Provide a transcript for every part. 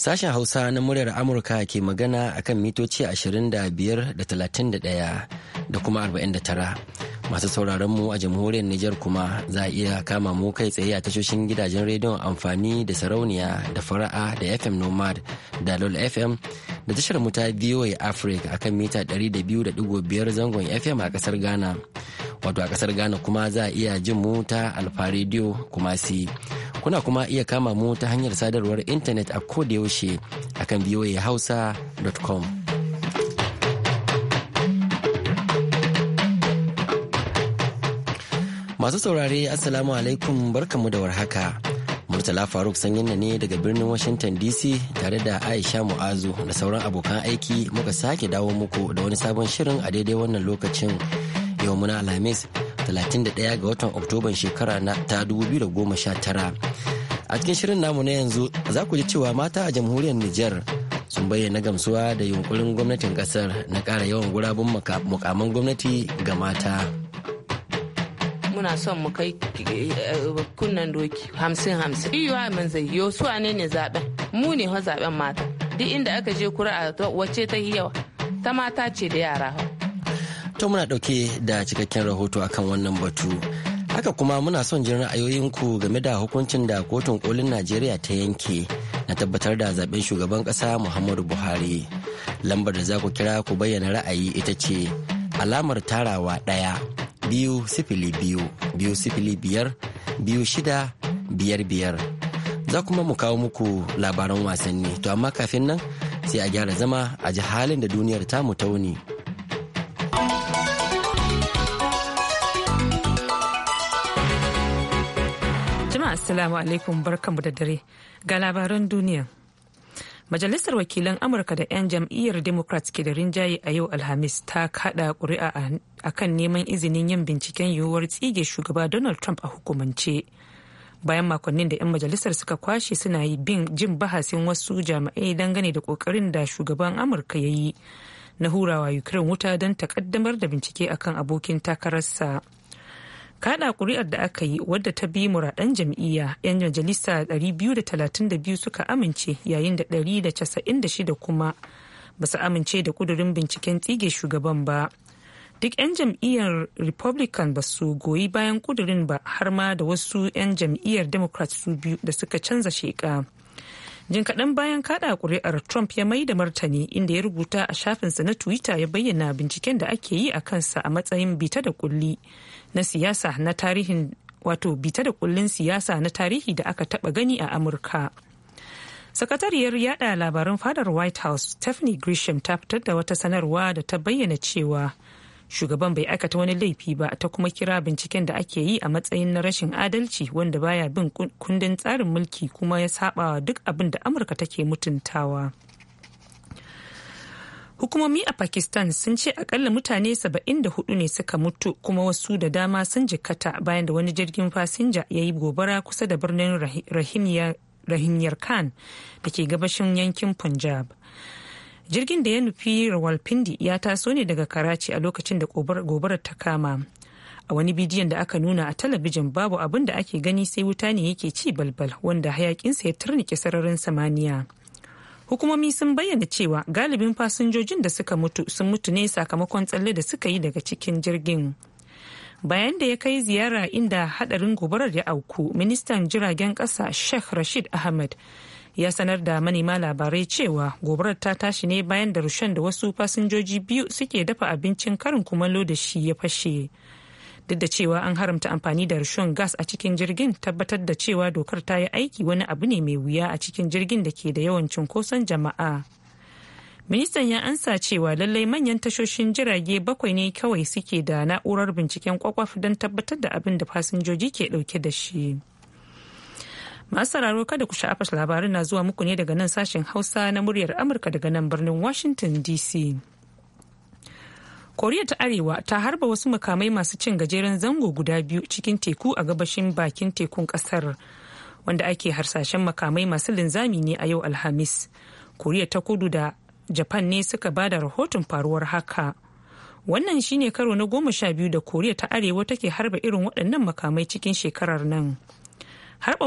Sashen Hausa na muryar Amurka ke magana akan mitoci 25 da kuma 49. Masu sauraronmu a jamhuriyar Nijar kuma za a iya kama mu kai tsaye a tashoshin gidajen rediyon amfani da sarauniya da fara'a da FM Nomad da LOL FM da tashar mu ta VOA Africa kan mita 200.5 zangon FM a kasar Ghana. wato a kasar ghana kuma za a iya jin mu ta alfa radio kuma si kuna kuma iya kama mu ta hanyar sadarwar intanet a kodayaushe akan voahausa.com masu saurare assalamu alaikum barkamu da warhaka murtala faruk sanyin ne daga birnin washington dc tare da aisha mu'azu da sauran abokan aiki muka sake dawo muku da wani sabon shirin a daidai wannan lokacin yau muna alhamis 31 ga watan oktoban shekara na ta 2019 a cikin shirin namu na yanzu za ku ji cewa mata a jamhuriyar niger sun bayyana gamsuwa da yunkurin gwamnatin kasar na ƙara yawan gurabun mukaman gwamnati ga mata muna son mu kai eh, kunnan doki hamsin hamsin iya man zai yo su ne ne zaben mu ne fa zaben mata duk inda aka je kura a wacce ta yawa ta mata ce da yara to muna ɗauke da cikakken rahoto akan wannan batu haka kuma muna son jin ra'ayoyinku game da hukuncin da kotun kolin najeriya ta yanke na tabbatar da zaben shugaban kasa muhammadu buhari lambar da za ku kira ku bayyana ra'ayi ita ce alamar tarawa ɗaya biyu sifili biyu biyu sifili biyar biyu shida biyar biyar za kuma mu kawo muku labaran wasanni to amma kafin nan sai a gyara zama a ji halin da duniyar tamu ta Assalamu alaikum barkanmu da dare ga labaran duniya. Majalisar wakilan Amurka da 'yan jam'iyyar Democrat ke da rinjaye a yau Alhamis ta kada ƙuri'a a kan neman izinin yin binciken yiwuwar tsige shugaba Donald Trump a hukumance. Bayan makonnin da 'yan majalisar suka kwashe suna yi bin jin bahasin wasu jami'ai dangane da kokarin da shugaban Amurka ya yi na hurawa Ukraine wuta don takaddamar da bincike akan abokin takararsa. kada kuri'ar da aka yi wadda ta bi muradan jam'iyya yan majalisa 232 suka amince yayin da 196 kuma ba su amince da kudurin binciken tsige shugaban ba duk 'yan jam'iyyar republican ba su goyi bayan kudurin ba har ma da wasu 'yan jam'iyyar democrat su biyu da suka canza sheka jin kaɗan bayan kada kuri'ar trump ya mai da martani inda ya rubuta a shafinsa na twitter ya bayyana binciken da ake yi a kansa a matsayin bita da kulli na siyasa na tarihin wato bita da kullin siyasa na tarihi da aka taɓa gani a amurka sakatariyar yada labaran fadar white house stephanie grisham ta fitar da wata sanarwa da ta bayyana cewa shugaban bai aikata wani laifi ba ta kuma kira binciken da ake yi a matsayin na rashin adalci wanda baya bin kundin tsarin mulki kuma ya saba duk abin da amurka take mutuntawa hukumomi a pakistan sun ce akalla mutane 74 ne suka mutu kuma wasu da dama sun jikkata bayan da wani jirgin fasinja ya yi gobara kusa da birnin rahinyar khan da ke gabashin yankin punjab jirgin da ya nufi rawalpindi ya taso ne daga karaci a lokacin da gobarar ta kama a wani bidiyon da aka nuna a talabijin babu abin da ake gani sai wuta ne yake ci balbal wanda hayakinsa ya turnike sararin samaniya hukumomi sun bayyana cewa galibin fasinjojin da suka mutu sun mutu ne sakamakon tsalle da suka yi daga cikin jirgin bayan da ya kai ziyara inda hadarin gobarar ya auku ministan jiragen kasa sheikh rashid ahmed ya sanar da manema labarai cewa gobarar ta tashi ne bayan da rushen da wasu fasinjoji biyu suke dafa abincin karin kumallo da shi ya fashe duk da cewa an haramta amfani da rushen gas a cikin jirgin tabbatar da cewa dokar ta yi aiki wani abu ne mai wuya a cikin jirgin da ke da yawan cunkoson jama'a ministan ya ansa cewa lallai manyan tashoshin jirage bakwai ne kawai suke da na'urar binciken kwakwaf don tabbatar da abin da fasinjoji ke dauke da shi. Masu sauraro kada ku sha'afa labarin na zuwa muku ne daga nan sashen Hausa na muryar Amurka daga nan birnin Washington DC. Koriya ta Arewa ta harba wasu makamai masu cin gajeren zango guda biyu cikin teku a gabashin bakin tekun kasar wanda ake harsashen makamai masu linzami ne a yau Alhamis. Koriya ta kudu da Japan ne suka bada rahoton faruwar haka. Wannan shine karo na goma sha biyu da Koriya ta Arewa take harba irin waɗannan makamai cikin shekarar nan. harba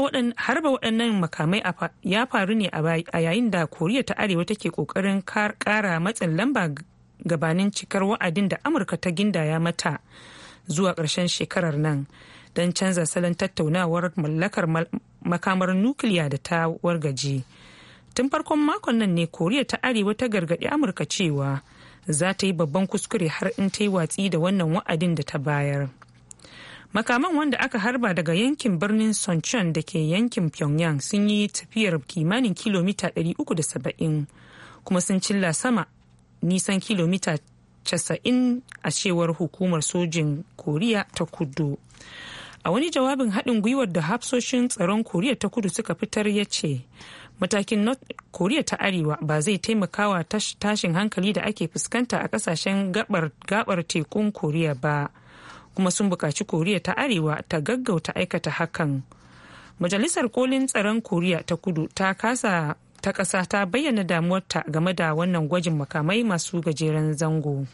waɗannan makamai ya faru ne a yayin da koriya ta arewa take kokarin kara matsin lamba gabanin cikar wa'adin da amurka ta gindaya mata zuwa ƙarshen shekarar nan don canza salon tattaunawar mallakar makamar nukiliya da ta wargaji tun farkon makon nan ne koriya ta arewa ta gargaɗi amurka cewa za ta yi babban kuskure har in ta yi watsi da wannan wa'adin da ta bayar. makaman wanda aka harba daga yankin birnin sonchon da ke yankin pyongyang sun yi tafiyar kimanin kilomita 370 kuma sun cilla sama nisan kilomita 90 a cewar hukumar sojin koriya ta kudu a wani jawabin haɗin gwiwar da hafsoshin tsaron koriya ta kudu suka fitar ya ce matakin north korea ta arewa ba zai taimakawa tashin hankali da ake fuskanta a kasashen gabar tekun koriya ba kuma sun bukaci koriya ta arewa ta gaggauta aikata hakan majalisar kolin tsaron koriya ta kudu ta kasa ta ƙasa ta bayyana damuwarta game da wannan gwajin makamai masu gajeren zango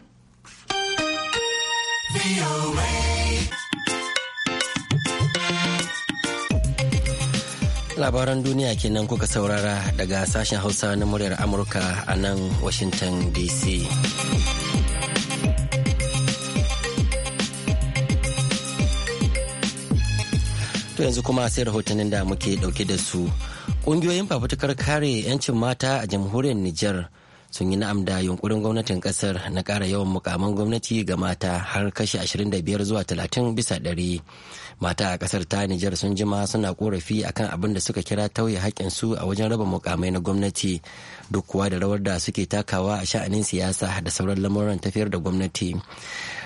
labaran duniya kenan kuka saurara daga sashen hausa na muryar amurka a nan washington dc To yanzu kuma sai rahotannin da muke dauke da su. Kungiyoyin fafutukar kare 'yancin mata a jamhuriyar Nijar sun yi na'am da yunkurin gwamnatin kasar na ƙara yawan mukaman gwamnati ga mata har kashi 25 zuwa 30 bisa ɗari. Mata a kasar ta Nijar sun jima suna korafi akan abin da suka kira tauye su a wajen raba mukamai na gwamnati duk kuwa da rawar da suke takawa a sha'anin siyasa da sauran lamuran tafiyar da gwamnati.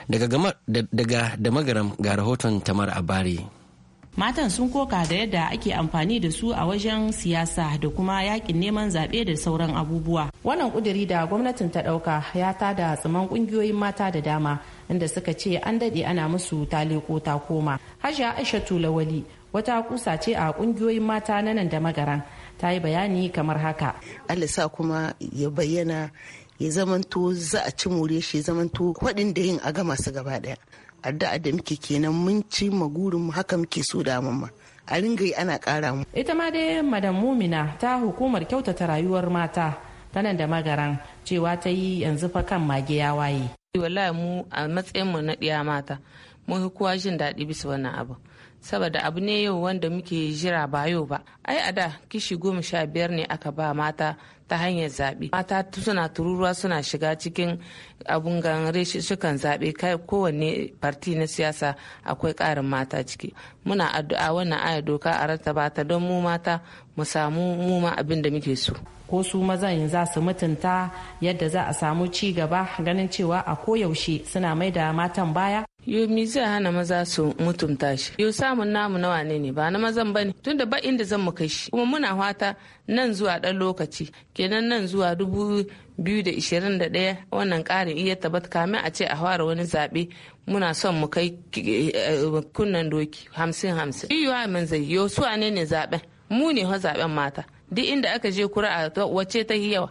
Daga da magaram ga rahoton Tamar Abari. matan sun koka da yadda ake amfani da su a wajen siyasa da kuma yakin neman zaɓe da sauran abubuwa wannan kuduri da gwamnatin ta ɗauka ya tada tsaman ƙungiyoyin mata da dama inda suka ce an daɗe ana musu taleko ta koma hajja aisha tulawali wata kusa ce a ƙungiyoyin mata na nan da magaran ta yi bayani kamar haka alisa kuma ya bayyana ya zamanto za a ci more shi ya zamanto kwaɗin da yin a ga masu gaba ɗaya addu'a da muke kenan mun ci magurin mu haka muke so da mamma a ringa ana kara mu ita ma dai madam mumina ta hukumar kyautata rayuwar mata ta nan da magaran cewa ta yi yanzu fa kan mage ya waye wallahi mu a matsayin mu na ɗiya mata mun fi kowa jin daɗi bisa wannan abu saboda abu ne yau wanda muke jira ba yau ba ai a da kishi goma sha biyar ne aka ba mata ta hanyar zaɓe mata suna tururuwa suna shiga cikin abun gan sukan zaɓe kowanne farti na siyasa akwai ƙarin mata ciki muna addu'a wannan aya doka a rattaba ta don mu mata mu samu mu ma abin da muke so ko su mazan za su mutunta yadda za a samu ci gaba ganin cewa a koyaushe suna mai da matan baya yo mi zai hana maza su mutunta shi yo samun namu na wane ne ba na mazan bane tunda ba inda zan mu kai shi kuma muna fata nan zuwa dan lokaci kenan nan zuwa dubu biyu da ishirin da ɗaya wannan ƙarin iya tabbata kamin a ce a fara wani zaɓe muna son mu kai eh, kunnan doki hamsin hamsin iya min zai yo su ne ne zaɓen mu ne ha zaɓen mata duk inda aka je kura a wace ta yawa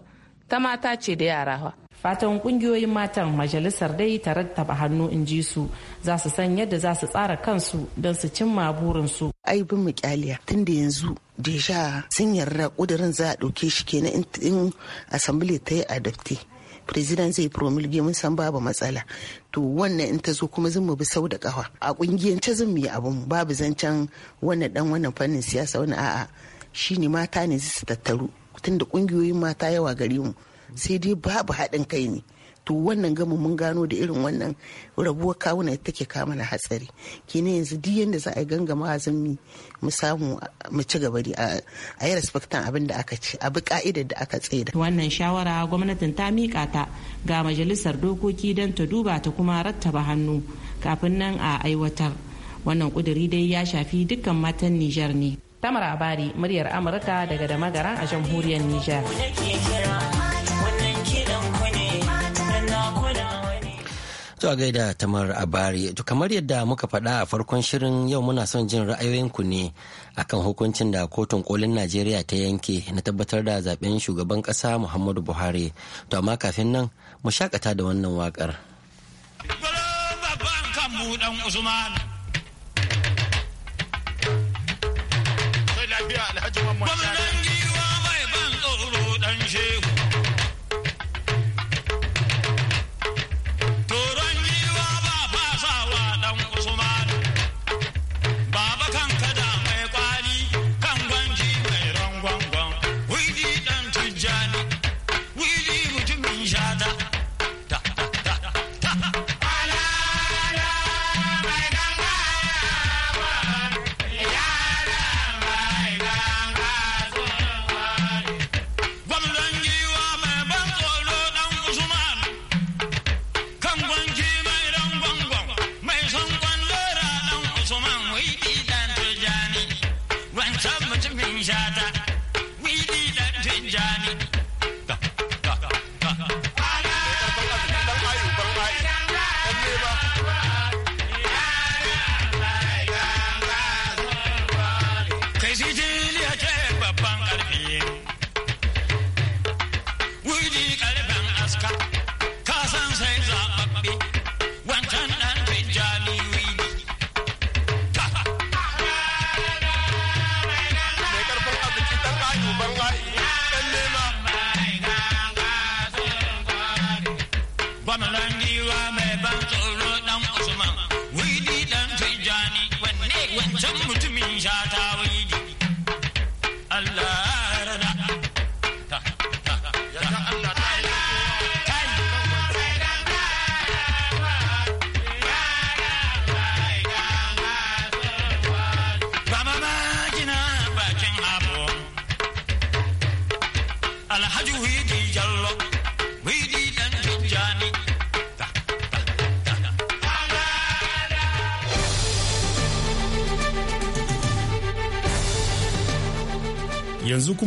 ta mata ce da yara fa fatan ƙungiyoyin matan majalisar dai ta rattaba hannu in ji su za su san yadda za su tsara kansu don su cimma burinsu. ai bin mu kyaliya tun da yanzu deja sun yarda kudirin za a ɗauke shi kenan in asambili ta yi adapte president zai promulge mun san babu matsala to wannan in ta zo kuma zan mu bi sau da kafa a kungiyance zan mu yi abun babu zancen wannan dan wannan fannin siyasa wani a'a shine mata ne su tattaru tunda kungiyoyin mata yawa gare mu sai dai babu haɗin kai ne to wannan gamu mun gano da irin wannan rabuwar kawuna take kama na hatsari kenan yanzu duk yanda za a gangama yi mu samu mu ci gaba a yi respectan abin da aka ci bi ka'idar da aka tsaida wannan shawara gwamnatin ta mika ta ga majalisar dokoki don ta duba ta kuma rattaba hannu kafin nan a aiwatar wannan kuduri dai ya shafi dukkan matan Nijar ne. Tamar Abari muryar Amurka daga da a jamhuriyar Nijar. To a gaida tamar abari to kamar yadda muka faɗa a farkon shirin yau muna son jin ra'ayoyinku ne akan hukuncin da kotun kolin Najeriya ta yanke na tabbatar da zaben shugaban ƙasa Muhammadu Buhari. To amma kafin nan mu shakata da wannan waƙar. Gwamnan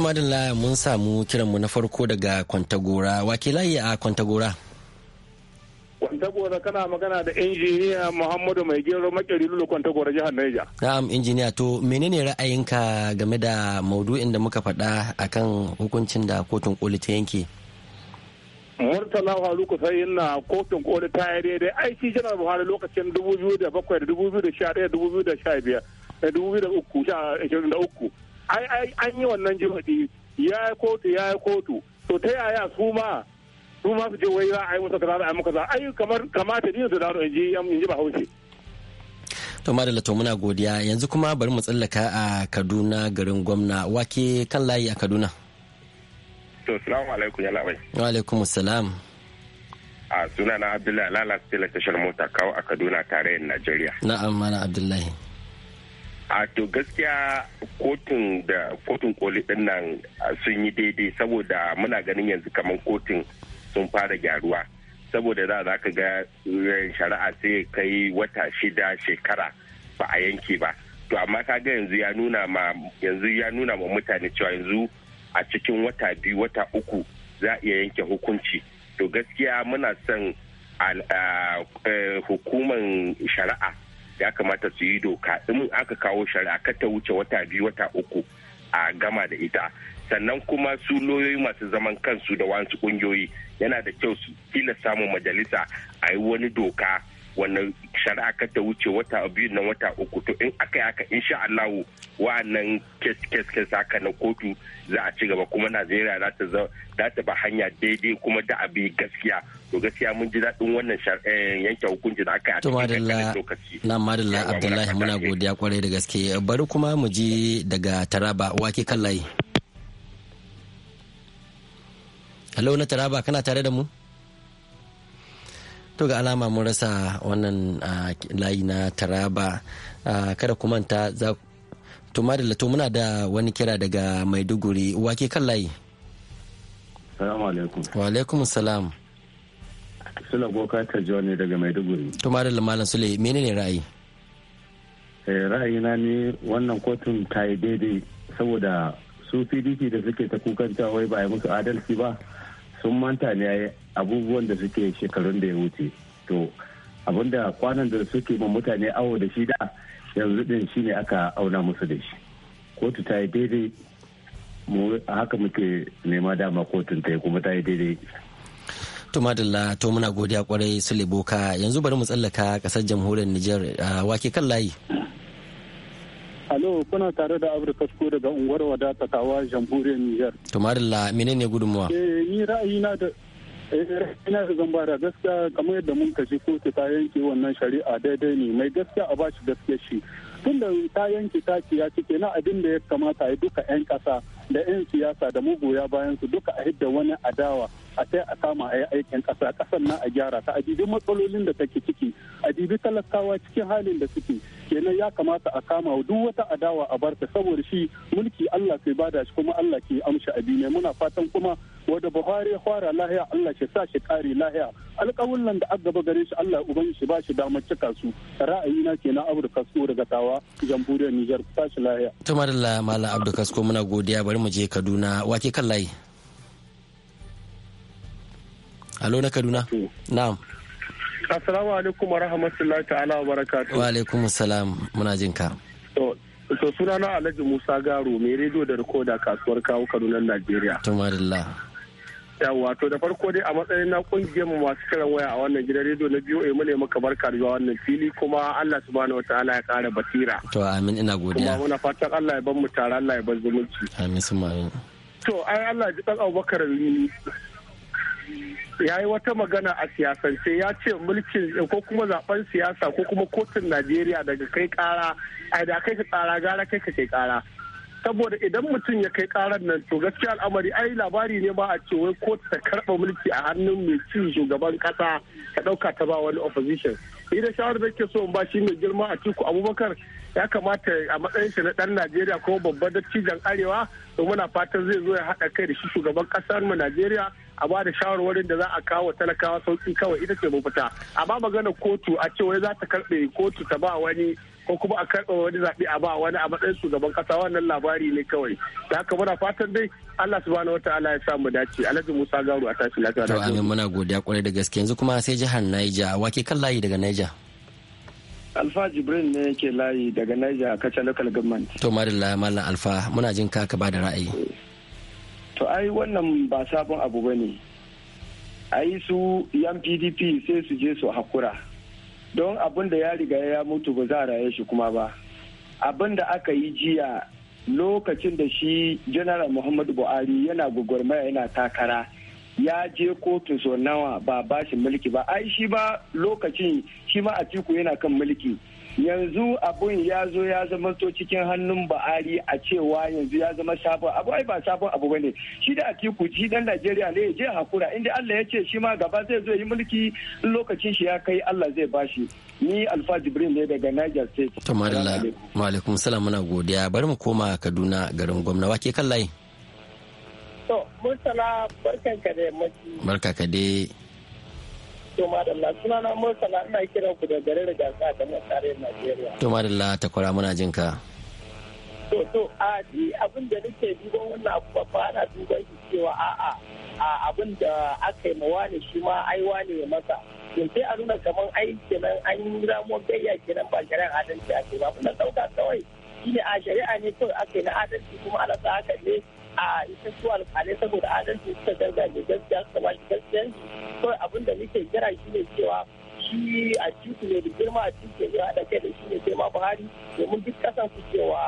Madin Laya mun samu kiranmu na farko daga kwantagora wake layi a kwantagora kwantagora kana magana da injiniya muhammadu mai gero makeri lulu kwantagora jihar naija na'am injiniya to menene ra'ayinka game da maudu'in da muka faɗa akan hukuncin da kotun koli ta yanke murtala Haru ku sai na kotun koli ta yi daidai aiki janar buhari lokacin 2007 da 2011 da 2015 da uku. an yi wannan jihadi ya yi kotu ya yi kotu to ta yaya su ma su ma su je wai za a yi musu kaza za a yi musu kaza ai kamar kamata dinin su dawo inji ji in ji bahaushe. to madalla to muna godiya yanzu kuma bari mu tsallaka a kaduna garin gwamna wake kan layi a kaduna. to salamu alaikum ya labai. wa alaikum salam. a suna na abdullahi lalas tashar mota kawo a kaduna tarayyar najeriya. na'am mana abdullahi. a to gaskiya kotun da kotun koli din nan sun yi daidai saboda muna ganin yanzu kamar kotun sun fara gyaruwa saboda za za ka ga eh, shari'a sai kai wata shida shekara ba a yanke ba to amma ka ga yanzu ya nuna ma yanzu ya nuna ma mutane cewa yanzu a cikin wata biyu wata uku za a iya yanke hukunci to gaskiya muna son eh, hukuman shari'a ya kamata su yi doka in aka kawo shari'a kar ta wuce wata biyu wata uku a gama da ita sannan kuma su loyoyi masu zaman kansu da wasu kungiyoyi yana da kyau su tilasta samun majalisa a yi wani doka wannan shari'a ka ta wuce wata biyu nan wata uku to in aka yi in sha Allah wa'annan kes kes kes haka na kotu za a ci gaba kuma Najeriya za ta za ta ba hanya daidai kuma da abi gaskiya to gaskiya mun ji daɗin wannan eh, yanke hukunci da aka yi a cikin lokaci. Na madalla Abdullahi muna godiya kwarai da gaske bari kuma mu ji daga Taraba wake kallai Hello na Taraba kana tare da mu? to ga alama mun rasa wannan layi na taraba kada ku manta za to madalla to muna da wani kira daga maiduguri wake kan layi salamu alaikum salam sula boka ta ne daga maiduguri to madalla malam sule menene ra'ayi eh, ra'ayina ne wannan kotun ta yi daidai saboda su pdp da suke ta kukanta wai ba a yi musu adalci ba sun manta ne abubuwan da suke shekarun da ya wuce to abinda kwanan da suke ma mutane awo da shi da yanzu din shi ne aka auna musu da shi kotu ta yi daidai mu haka muke nema dama kotun ta yi kuma ta yi daidai to madalla to muna godiya kwarai su leboka yanzu bari mu tsallaka kasar jamhuriyar niger ah, wake kan layi Alo, kuna tare da Afirka Sko daga unguwar wadata kawa jamhuriyar Nijar. Tumarilla, menene gudunmuwa? Eh, ni ra'ayina da eh, ina da zambara gaskiya kamar yadda mun kashi kotu ta yanki wannan shari'a daidai ne mai gaskiya a bashi gaskiya shi tunda ta yanke ta ya ci kenan abin da ya kamata a duka 'yan kasa da 'yan siyasa da magoya bayan su duka a hidda wani adawa a sai a kama a yi aikin ƙasa kasan na a gyara ta a adibi matsalolin da take ciki a adibi talakawa cikin halin da suke kenan ya kamata a kama duk wata adawa a barta saboda shi mulki Allah ke bada shi kuma Allah ke amshi abi ne muna fatan kuma wanda Buhari ya fara lahiya Allah shi sa shi kare lahiya alƙawullan da aka gare shi Allah uban shi ba shi damar cika su ra'ayina kenan Abdul Kasko daga Tawa jamhuriyar Niger sa shi lahiya to madalla malam abdu Kasko muna godiya bari mu je Kaduna wake kan layi Alo na Kaduna na'am Assalamu alaikum wa rahmatullahi ta'ala wa barakatuhu wa alaikum salam muna jin ka to sunana Alhaji Musa Garo mai rediyo da rikoda kasuwar kawo Kaduna Najeriya to madalla yawa to da farko dai a matsayin na kungiyar mu masu kiran waya a wannan gidan rediyo na biyu mu ne muka barka da wannan fili kuma Allah subhanahu wataala ya kara basira. To amin ina godiya. Kuma muna fatan Allah ya bar mu tare Allah ya bar zumunci. Amin su To ai Allah ji dan Abubakar ya yi wata magana a siyasance ya ce mulkin ko kuma zaben siyasa ko kuma kotun najeriya daga kai kara a da kai ka kara gara kai ka kai kara saboda idan mutum ya kai karar nan to gaskiya al'amari ai labari ne ba a ce wai kotu ta karba mulki a hannun mai cin shugaban kasa ta ɗauka ta ba wani opposition ni da shawarar da ke so in ba shi mai girma a ciku abubakar ya kamata a matsayin shi na ɗan najeriya kuma babban dattijan arewa to muna fatan zai zo ya haɗa kai da shi shugaban ƙasar mu najeriya a ba da shawarwarin da za a kawo talakawa sauki kawai ita ce mu mafita amma magana kotu a ce wai za ta karɓe kotu ta ba wani ko kuma a karɓa wani zaɓe a ba wani a matsayin shugaban kasa wannan labari ne kawai da haka muna fatan dai Allah subhanahu ta'ala ya samu dace Alhaji Musa Garu a tashi lafiya to amin muna godiya kwarai da gaske yanzu kuma sai jihar Niger wake kan layi daga Niger Alfa Jibrin ne yake layi daga Niger kacha local government to madalla mallam Alfa muna jin ka ka bada ra'ayi to ai wannan ba sabon abu bane ai su yan PDP sai su je su hakura don abin da ya riga ya mutu ba za a raye shi kuma ba abin da aka yi jiya lokacin da shi general muhammadu buhari yana gwagwarmaya yana takara ya je kotu so nawa ba ba shi mulki ba ai shi ba lokacin shi ma a yana kan mulki yanzu abun ya zo ya zama to cikin hannun ba'ari a cewa yanzu ya zama sabon abu ai ba sabon abu bane shi da atiku shi dan najeriya ne je hakura inda allah ya ce shi ma gaba zai zo yi mulki lokacin shi ya kai allah zai bashi ni alfa jibrin ne daga niger state to madalla alaikum salam muna godiya bari mu koma kaduna garin gwamna wake kan layi to barkanka da barka ka dai To madalla suna na Murtala ina kiran ku da garin Rigasa da tarayyar Najeriya. To madalla ta kwara muna jin ka. To to a ji abin da nake duban wannan abu ba ana duban shi cewa a'a a abin da aka yi mawa ne shi ma ai ya masa. Yin sai a nuna kamar ai kenan an yi ramuwar gayya kenan ba shari'ar adalci a ce ba. Kuna ɗauka kawai shi ne a shari'a ne kawai aka yi na adalci kuma alasa sa haka ne a ita su alƙalai saboda adalci suka gargaje gaskiya su kamar gaskiya kawai abin da muke kira shi ne cewa shi a cikin ne da girma a cikin ne da kai da shi ne girma buhari domin duk kasan su cewa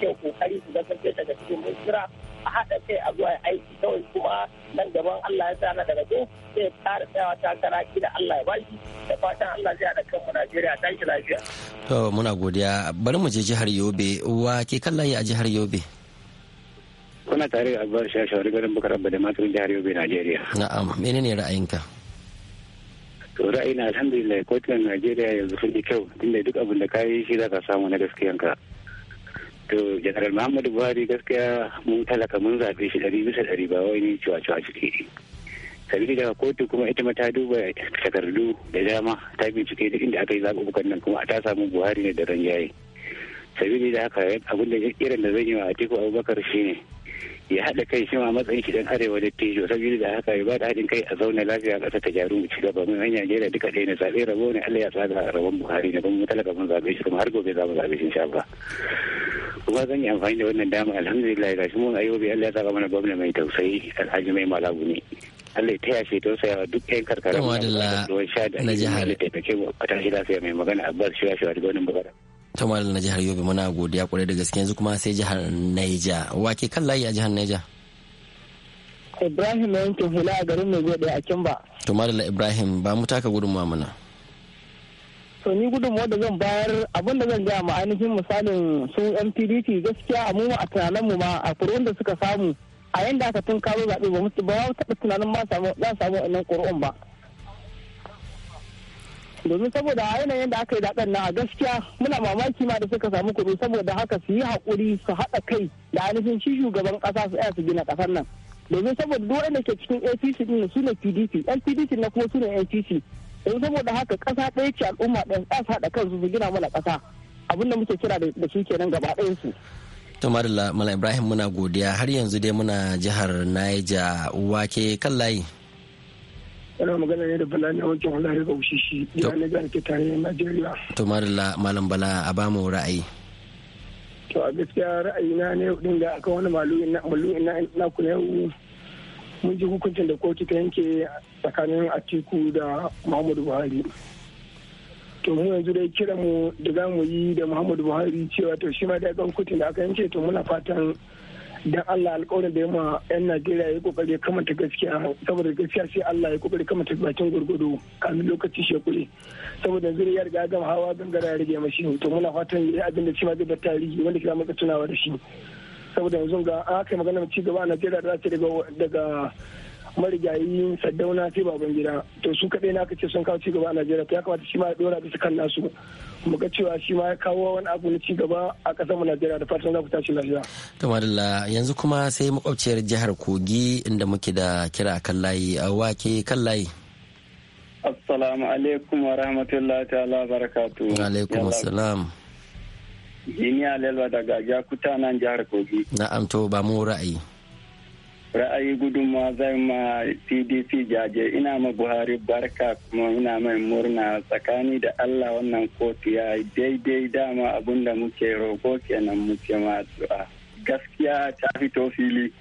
ke kokari su zaka ce daga cikin mun kira a haɗa kai a zuwa aiki kawai kuma nan gaban Allah ya tsara daga zo zai tsara tsayawa takara da Allah ya bashi da fatan Allah zai haɗa kanmu Najeriya tashi lafiya. To muna godiya bari mu je jihar Yobe wa ke kallon a jihar Yobe. kuna tare da abubuwan shashawar garin bukar abu da maturin jihar yobe najeriya na'am ne ra'ayinka to na alhamdulillah kotun najeriya yanzu sun yi kyau inda duk abin da kayi shi za ka samu na gaskiyanka to general muhammadu buhari gaskiya mun talaka mun zaɓe shi ɗari bisa ɗari ba wani cewa cewa ciki sabili daga kotu kuma ita ma ta duba takardu da dama ta bincike duk inda aka yi zaɓuɓɓukan nan kuma ta samu buhari ne da yayi sabili da haka abin da irin da zan yi wa atiku abubakar shine ya haɗa kai shi ma matsayin shi dan arewa da tejo saboda da haka ya ba da haɗin kai a zauna lafiya ƙasa ta jaru mu ci gaba mun hanya jera duka ɗaya ne zaɓe rabo ne Allah ya da rabon Buhari ne ban mu talaka mun zaɓe shi kuma har gobe za mu zaɓe shi insha Allah kuma zan yi amfani da wannan dama alhamdulillah shi mun ayobe Allah ya saka mana gwamna mai tausayi alhaji mai malabu ne Allah ta yashe ta yawa duk ɗayan karkara da ruwan sha da na jihar da taimake mu a tashi lafiya mai magana Abbas shi wa daga wannan bukata. ta malam na jihar yobe muna godiya kwarai da gaske yanzu kuma sai jihar naija wake kan layi a jihar naija ibrahim yankin hula a garin mai gode a kimba to malala ibrahim ba mu taka gudunmawa muna to ni gudunmawa da zan bayar abin da zan gaya ma ainihin misalin su yan pdp gaskiya a mu a tunanin mu ma a kurun da suka samu a yanda aka tun kawo zaɓe ba mu ba taɓa tunanin ma za samu wannan kurun ba domin saboda a yanayin da aka yi daɗin a gaskiya muna mamaki ma da suka samu kudu saboda haka su yi haƙuri su haɗa kai da ainihin shi shugaban ƙasa su su gina ƙasar nan domin saboda duk wanda ke cikin apc din su ne pdp pdp na kuma su ne apc don saboda haka ƙasa ɗaya ce al'umma ɗaya su haɗa kansu su gina mana ƙasa abin da muke kira da shi kenan gaba ɗayan su. to mala ibrahim muna godiya har yanzu dai muna jihar naija wake kan layi. yana magana ne da bala ne wankin hula daga ushishi ya na jihar da najeriya to madalla malam bala a bamu ra'ayi to a gaskiya ra'ayi na ne din da aka wani malu'in na na ku yau mun ji hukuncin da kotu ta yanke tsakanin atiku da muhammadu buhari to mu yanzu dai kira mu da za mu yi da muhammadu buhari cewa to shi ma da kan kotun da aka yanke to muna fatan dan Allah alƙawarin da ya ma yan Najeriya ya kokari kamanta gaskiya saboda gaskiya sai Allah ya kokari kamanta bakin gurgudu kamin lokaci shekule saboda zuri ya riga gama hawa gangara ya rage mashi to muna fatan ya yi da cewa zai bar tarihi wanda kira maka tunawa da shi saboda yanzu ga aka yi magana ci gaba a Najeriya da daga marigayi saddauna sai baban gida to su kaɗai na ce sun kawo cigaba a najeriya ya kamata shi ma ya ɗora bisa kan nasu mu ga cewa shi ma ya kawo wani abu na cigaba a ƙasar mu najeriya da fatan za ku tashi lafiya. to madalla yanzu kuma sai makwabciyar jihar kogi inda muke da kira kan layi a wake kan layi. assalamu alaikum wa rahmatullahi ta'ala barakatu. alaikum assalam. Jini Alelwa daga Jakuta nan jihar Kogi. Na'am to ba mu ra'ayi. ra'ayi gudunmawa zai ma pdp jaje ina ma buhari barka kuma ina mai murna tsakani da allah wannan kotu ya daidai dama abinda muke roko kenan muke addu'a gaskiya ta fito fili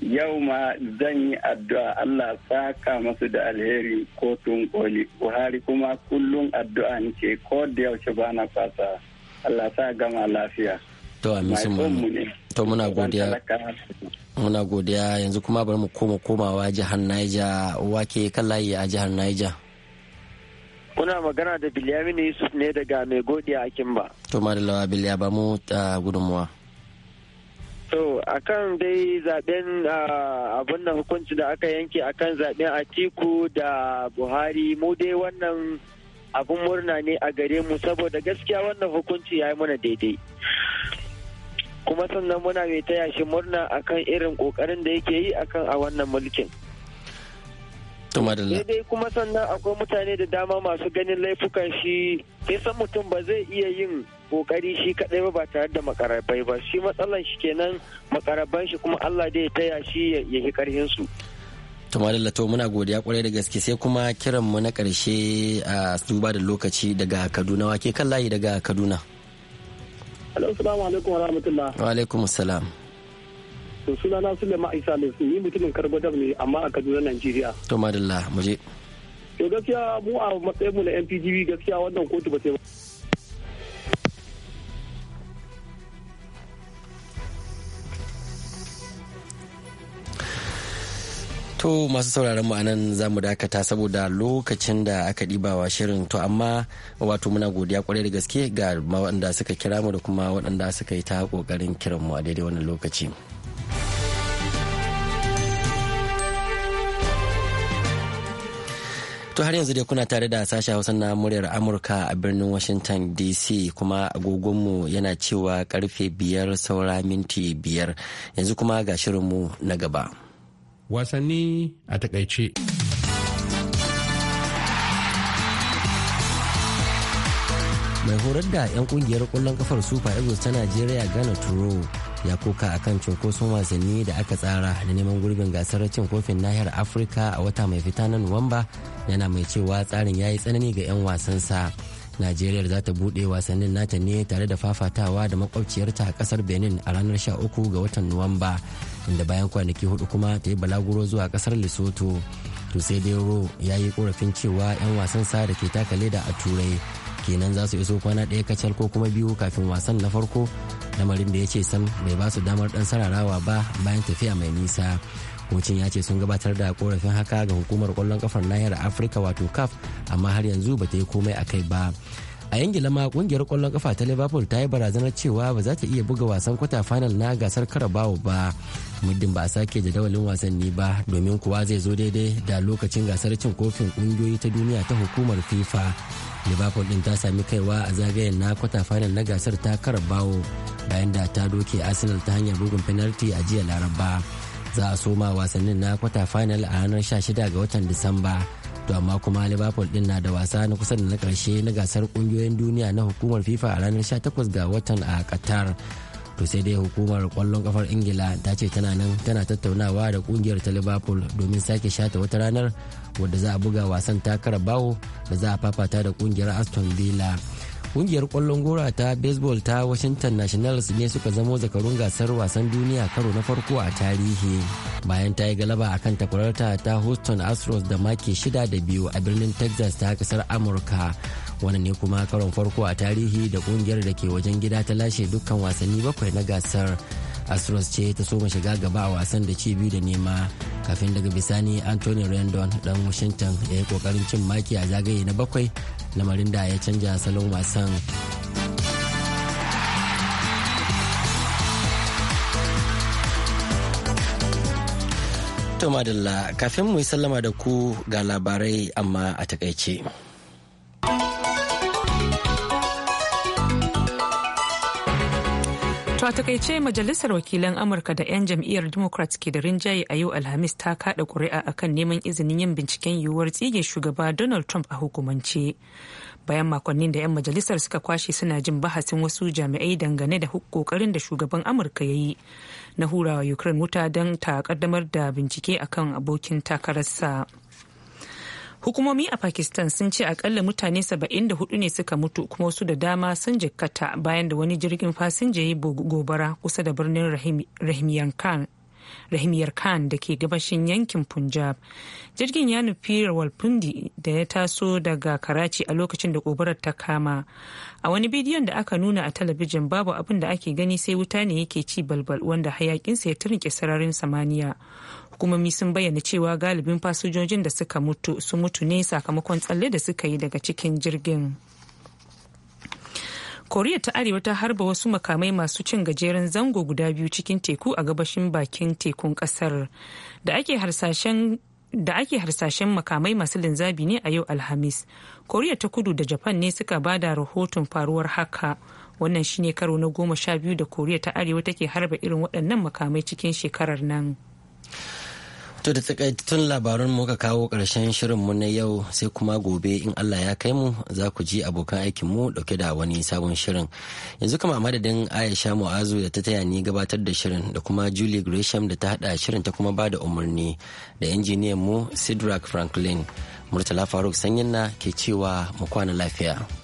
yau ma zan yi addu'a allah saka masu da alheri kotun koli buhari kuma kullum addu'a nike ko da yaushe bana fasa allah sa gama lafiya to amin to muna godiya muna godiya yanzu kuma bari mu koma komawa jihar Niger wake kan layi a jihar Niger kuna magana da Bilyamin Yusuf ne daga mai godiya a Kimba to lawa Bilya ba mu gudunmuwa to akan dai zaben abun ah, nan hukunci da aka yanke akan zaben Atiku da Buhari mu dai wannan abun murna ne a gare mu saboda gaskiya wannan hukunci ya yi mana daidai kuma sannan muna mai taya shi murna akan irin kokarin da yake yi akan a wannan mulkin dai kuma sannan akwai mutane da dama masu ganin laifukan shi sai san mutum ba zai iya yin kokari shi kadai ba tare da makarabai ba shi matsalan shi kenan makaraban shi kuma Allah dai ya taya shi ya yi karhin su to lato muna godiya kwarai da gaske sai kuma kiran mu na karshe a duba da lokaci daga Kaduna wake kan layi daga Kaduna Assalamu alaikum wa rahmatullah. Wa alaikum salam. To suna na Sulema Isa ne yi mutumin karbo ne amma a Kaduna Najeriya. To madalla mu je. To gaskiya mu a matsayin mu na NPGB gaskiya wannan kotu ba ta To masu sauraron mu anan za mu dakata saboda lokacin da aka ɗibawa shirin to amma wato muna godiya kwarai da gaske ga waɗanda suka kira mu da kuma waɗanda suka yi ta ƙoƙarin kiran mu a daidai wannan lokaci. To har yanzu dai kuna tare da sashen Hausa na muryar Amurka a birnin Washington DC kuma agogonmu yana cewa karfe biyar saura minti biyar yanzu kuma ga shirinmu na gaba. wasanni a takaice. mai horar da 'yan kungiyar kwallon kafar super eagles ta najeriya gana turo ya koka a kan cunkoson wasanni da aka tsara da neman gurbin gasar cin kofin nahiyar afirka a wata mai fita na nuwamba yana mai cewa tsarin ya yi tsanani ga 'yan wasansa. sa najeriya za ta bude wasannin nata ne tare da fafatawa da makwabciyarta a kasar benin a ranar 13 ga watan nuwamba inda bayan kwanaki hudu kuma ta yi balaguro zuwa kasar lesotho to sai dai ro ya yi korafin cewa 'yan wasan sa da ke taka leda a turai kenan za su iso kwana ɗaya kacal ko kuma biyu kafin wasan na farko lamarin da ya ce sam bai ba su damar ɗan sararawa ba bayan tafiya mai nisa kocin ya ce sun gabatar da korafin haka ga hukumar kwallon kafar nahiyar afirka wato caf amma har yanzu ba ta yi komai a kai ba a ingila ma kungiyar kwallon kafa ta liverpool ta yi barazanar cewa ba za ta iya buga wasan kwata final na gasar karabawo ba muddin ba a sake jadawalin wasanni ba domin kuwa zai zo daidai da lokacin gasar cin kofin kungiyoyi ta duniya ta hukumar fifa liverpool din ta sami kaiwa a zagayen na kwata final na gasar ta karabawo bayan da ta doke arsenal ta hanyar bugun penalty a jiya laraba za a soma wasannin na kwata final a ranar 16 ga watan disamba to amma kuma liverpool din na da wasa na kusa da na karshe na gasar kungiyoyin duniya na hukumar fifa a ranar 18 ga watan a qatar to sai dai hukumar kwallon kafar ingila ta ce tana nan tana tattaunawa da kungiyar ta liverpool domin sake shata wata ranar wadda za a buga wasan takarar bawo da za a fafata da kungiyar aston villa kungiyar kwallon gora ta baseball ta washington nationals ne suka zamo zakarun gasar wasan duniya karo na farko a tarihi bayan ta yi galaba akan takwararta ta houston astros da maki shida da biyu a birnin texas ta kasar amurka wani ne kuma karon farko a tarihi da kungiyar da ke wajen gida ta lashe dukkan wasanni bakwai na gasar astros ce ta soma shiga gaba a wasan da ci biyu da nema kafin daga bisani anthony rendon dan washington ya yi kokarin cin maki a zagaye na bakwai lamarin da ya canja salon wasan to madalla kafin mu yi sallama da ku ga labarai amma a takaice. To a takaice Majalisar Wakilan Amurka da 'yan jam'iyyar Democrats ke da rinjaye a yau Alhamis ta kada kuri'a kan neman izinin yin binciken yiwuwar tsige shugaba Donald Trump a hukumance. Bayan makonnin da 'yan majalisar suka kwashe suna jin bahasin wasu jami'ai dangane da kokarin da shugaban Amurka ya yi na hurawa Ukraine wuta don ta kaddamar da bincike akan abokin takararsa. Hukumomi a Pakistan sun ce akalla mutane 74 ne suka mutu kuma wasu da dama sun jikkata bayan da wani jirgin fasinja ya gobara kusa da birnin Rahimiyar Khan da ke gabashin yankin punjab jirgin ya nufi rawalpindi da ya taso daga karachi a lokacin da gobarar ta kama a wani bidiyon da aka nuna a talabijin babu abin da ake gani sai wuta ne yake ci balbal wanda hayakinsa ya turnke sararin samaniya mi sun bayyana cewa galibin fasinjojin da suka mutu su mutu ne sakamakon tsalle da suka yi daga cikin jirgin koriya ta arewa ta harba wasu makamai masu cin gajeren zango guda biyu cikin teku a gabashin bakin tekun kasar da ake harsashen da ake harsashen makamai masu linzabi ne a yau alhamis koriya ta kudu da japan ne suka ba da rahoton faruwar haka wannan shine karo na goma sha biyu da koriya ta arewa take harba irin waɗannan makamai cikin shekarar nan To da takaitattun labarun muka kawo ƙarshen shirinmu na yau sai kuma gobe in Allah ya kai mu za ku ji abokan aikin mu ɗauke da wani sabon shirin. Yanzu kama madadin Aisha Mu'azu da ta taya ni gabatar da shirin da kuma Julie Gresham da ta haɗa shirin ta kuma bada umarni da injiniyan mu Sidrak Franklin. Murtala Faruk Sanyin na ke cewa mu kwana lafiya.